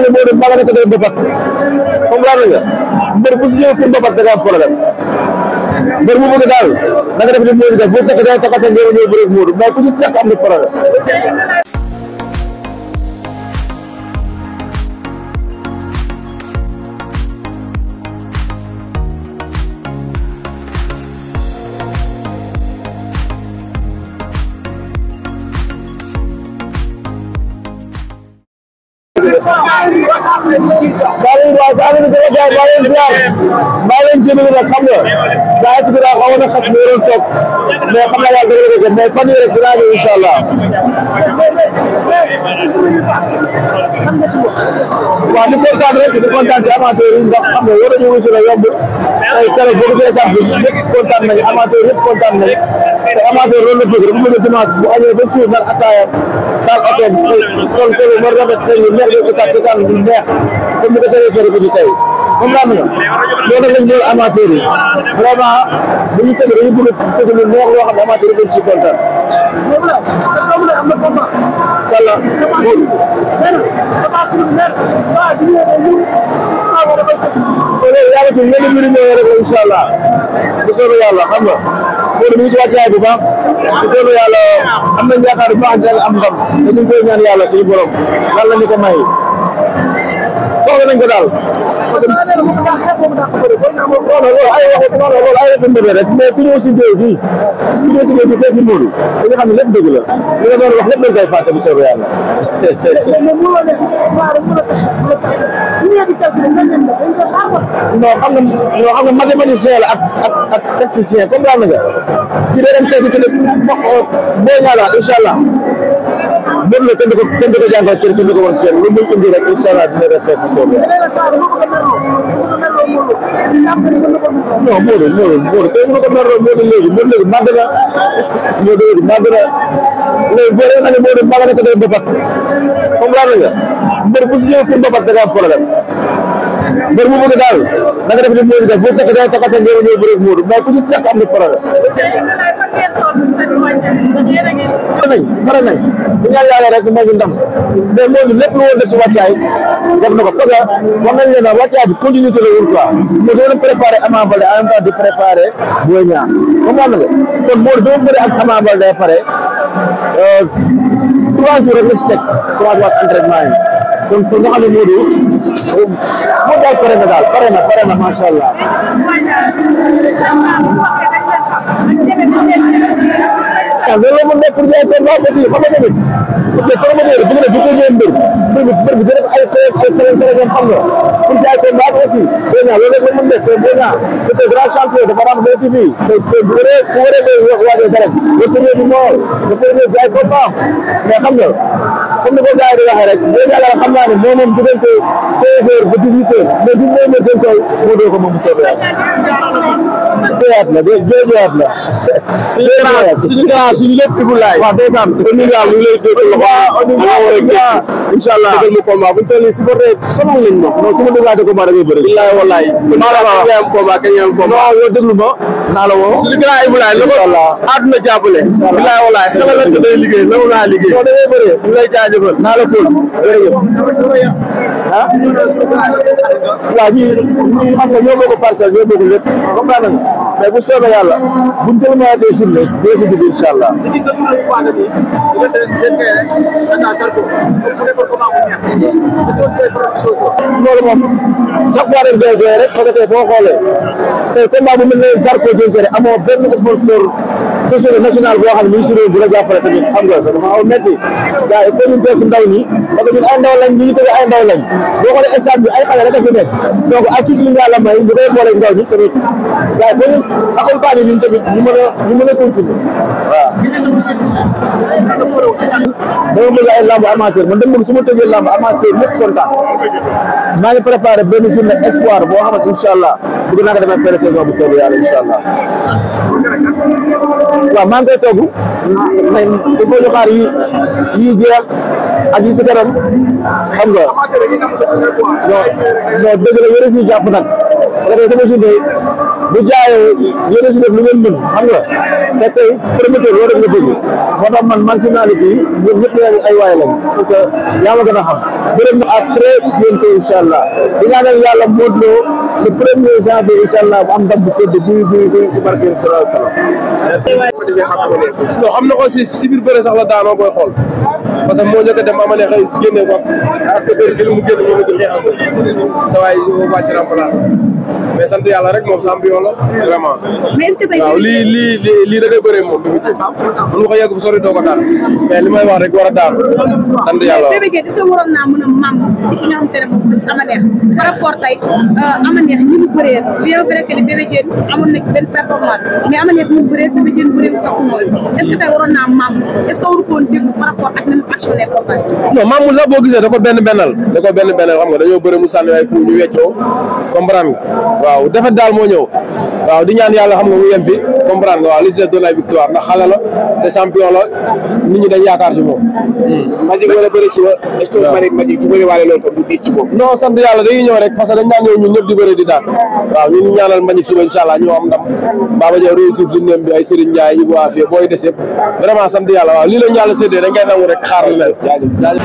na ne Modou Mbaye nga tëddee mbapat comprendre nga mbër bu si ñëw pour mbapat da nga am problème mbër bu bëgg daal da nga def li Modou def bu tekk da nga tax a sa njëriñ ñëw bëri Modou mais ku si tekk am na problème leen di defee baa leen ziar baa leen jëndee nag xam nga daa si gën a xawoon a xat mu yoroon toog mais xam naa yàlla dëgg la ko mais fan yii rek dinaa ñëw incha allah. waaw di kontaan rek di kontaan ci amateur yi ndax xam nga war nañu wusu la yomb tey keroog boo ko fee sax bi ñëpp kontaan nañu amateur yëpp kontaan nañu te amateur loolu la bëgg dafa mën a dimanche bu añee ba suur nag ataayam taal otoom sol sol mu rafet xëy na neex nga ko tàkk neex comme ni ko sëriñ bi di tey comme daan nga loolu nag lañ ñëw amateur yi vraiment bu ñu tëgg dañu bëgg a tëgg lu neex loo xam ne amateur yi dañ ci kontaan. loolu la sa doom la am na combat. wala loolu. nee na jamono suñu neex waa bi ñu yore ñu ah wala ba sëñ si. loolu yàlla ci yenn mbir ñoo yore rek incha allah bu soobee yàlla xam nga loolu mu ngi si wàccaay bu baax bu soobee yàlla am nañ yaakaar bu baax dinañ am ndam te ñu ngi koy ñaan yàlla suñu borom lan la ñu ko may. soxla nañ ko daal. parce que ay waxu noonu loolu ay waxu mbébé rek mais ku ñëw si géej gi su lépp dëgg la li nga doon wax lépp dañ koy fàtte bu soobee yàlla. non xam nga la ak ak ak tacticien comprendre nga ki day dem tekki mën na kenn du ko kenn du ko jàngal kenn du ko wan kenn lu muy indi rek incha allah dina def fekk foofu la. non Modou Modou Modou tey mënu ko merloo Modou léegi Modou léegi màgg na Modou léegi màgg na léegi boo dee xam ne Modou màgg na te day mbapat comprendre nga mbër bu si ñëw pour mbapat da nga am problème. mbër mu bëgg daal da nga def li mu def bu tëkk da nga tax a sa njëriñ ñëw bëreeg Modou mais ku ci tëkk am na problème. pare nañ pare nañ bu ñaan yàlla rek moo ñu ndam mais Modou lépp lu woon def si wàccaay def na ko parce que wax nañ leen daal wàccaay bi continuité la woon quoi mais da doon préparé Ama Baldé en même temps di préparé Boy Niang comprendre nga kon Modou dama bëri euh, trois jours rek la si teg trois mois entraînement yi kon ku ñu xam ne Modou moom daal pare na daal pare na pare na macha allah. waaw loolu la mën na pour jaay seen aussi xam nga tamit parce que promoteur bi nga def bu ko ñëwee mbir mbir mi mbir mi dina def ay xeet ay semaine semaine ñoom xam nga pour jaay seen baax aussi boo ñaa loolu la mën na te boo ñaa c'est un grand champion dafa daan ba si fii te te bu waree bu waree day wax waajal dara le premier du mort le premier jaay ko baax mais xam nga comme ni ko gars yi di waxee rek boo ñaa dara xam naa ne moo moom diggante quinze heures ba dix huit heures mais du moo ma jël koy moo doo ko moom soobee yàlla. Jërëjëf la jërëjëf la. suñu lépp Ibulaay waaw day taam kon ñu daal ñu lay dégg loxo waaw incha allah dëggal mu combat bu ñu toll nii si côté sonal nañ ma non su ma déglaate combat da ngay bëri billaay wallaay maa la wax am combat kañ am combat non yow déglu ma naa la woo su li bilaay Ibulaay la ko àdduna jàppale billaay wallaay xala la ko day liggéey nangu naa liggéey non da ngay bëri ñu lay jaajëfal naa la kóol jërëjëf ah waaw ñi ñi xam nga ñoo bokk parcelle ñoo bokk lépp comprendre nga mais bu soobee yàlla buñ jël mayatee si ne dee si dugg incha allah waaw da ciy sëb yu baax a nii da nga da nga rek da ngaa tàggatoo mu defar ko maa ngi ñaax. da doon tey par rapport ak loolu moom chaque fois dañ koy joxe rek parce que tey boo xoolee tey combat bu mel ne Zarko Dieng rek amoo benn sponsor société nationale boo xam aw métti gars yi seen ñu ndaw ñi parce que ñun ay ndaw lañ ñu ngi tëdd ay ndaw lañ boo xoolee instant bi ay xale rek a fi nekk donc ak tuuti li nga la may bu koy boole ndaw ñi tamit gars yi boo ñu accompagné ñun tamit ñu mën a ñu mën a dama bëgg ay lamb amateur man dama bëgg su ma tëjee lamb amateur ñëpp kontaan maa ngi préparé benn journée espoir boo xamante incha allah bëgg naa ko demee fële saison bu soobee yàlla incha allah waaw maa ngi koy togg mais il yi yi jeex ak si kanam xam nga non non dëgg la si jàpp nag parce que sama journée bu jaayee yéen a si def lu ngeen mën xam nga te tey promoteur loolu rek la bëgg moo tax man man journaliste yi ñoom ñëpp leen ay waay lañ parce que yaa ma gën a xam bëri na à très bientôt incha allah di ñaanal yàlla Modou Lo le premier janvier incha allah bu am ndam bu tëdd buy buy buy ci barke Salaam salaam. non xam na ko si xool parce que moo njëkk a dem ama neex génne ko ak ak bëri mu génne moom mais sant yàlla rek moom champion la waaw lii lii lii da ngay bëree moom Bébé nga ko yegg fu sori ko daan mais li may wax rek war a daan sant yàlla. Bébé a euh, bëree mu bëree mu topp mooy maam mu sax boo gisee da ko benn bennal da ko benn bennal xam nga dañoo bëri mu sànni ay ñu weccoo comprendre nga waaw defet daal moo ñëw waaw di ñaan yàlla xam nga mu yem fi comprendre nga waaw li si des doon ay victoire ndax xale la te champion la nit ñi dañ yaakaar si moom. Hmm. Magic wala bëri suba est-ce que Malick Magic bu bëri waale loolu tam du diis ci moom. non sant yàlla dañuy ñëw rek parce que dañ ñëw ñun ñëpp di bëri di daan waaw ñun ñaanal Magic suba incha allah ñu am ndam Baba Diaw réussir journée bi ay Serigne Ndiaye Ibou booy des vraiment sant yàlla waaw lii la ñu yàlla séddee dañ nangu rek xaar lu mel. jaajëf jaajëf.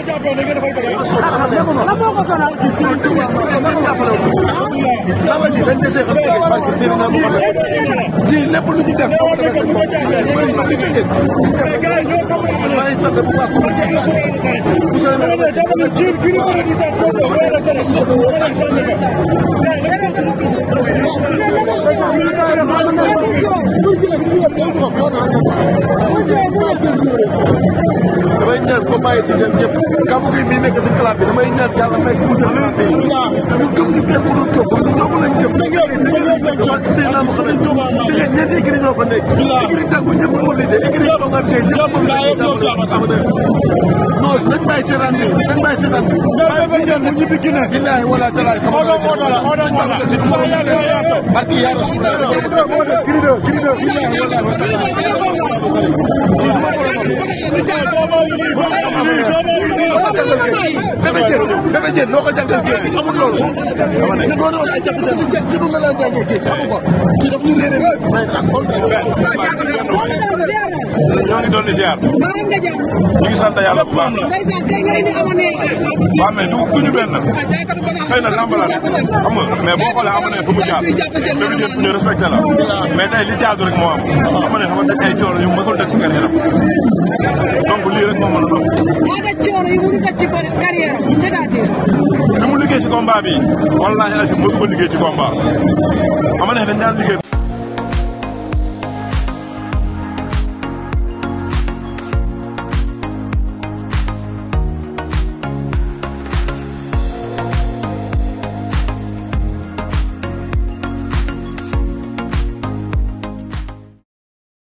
di lépp lu ñu def ko defal ko def ko def ko damay ñaan ko bàyyi ci ñoom ñëpp kàmm gi mii nekk si club bi damay ñaan yàlla may ko mu jox leen bi ñu gëm ñu kenn ku dul topp ñu ñoom lañ gëm. dañoo dañoo jox seen am xam ne ñoom ñetti écrit ñoo fa nekk. écrit tàggu ñëpp mobilisé écrit yoo xam ne ñëpp mobilisé. non nañ bàyyi si rànd yi nañ bàyyi si rànd yi. bàyyi bi ngeen mu ñibbi Guinée. billaay wala talaay xam nga. odo odo la odo ñu la. saa yaa yaa yaa. barki yaa rasul la. Girido Girido. billaay wala Bébé Diène Bébé Diène noo ko jàngal géej amul loolu. dama ne doo doon ay jafe-jafe ci dund la jàngee géej amu ko. kii daf ñu réeré may tax xool ñoo ngi doon di ziar. ñu ngi sant yàlla bu baax. waaw mais du du ñu na làmb la rek xam nga mais boo xoolee am na fu mu jaar même ñëpp ñu respecté la mais tey li jaadu rek moo am am na xam nga teg ay coono yu mësul def si carrière donc lii rek moo mën a doon. daanaka coono yu mënul def ci carrière c'est-à-dire. li mu liggéey si combat bi wallaahi asim ko liggéey ci combat xam nga dañ liggéey.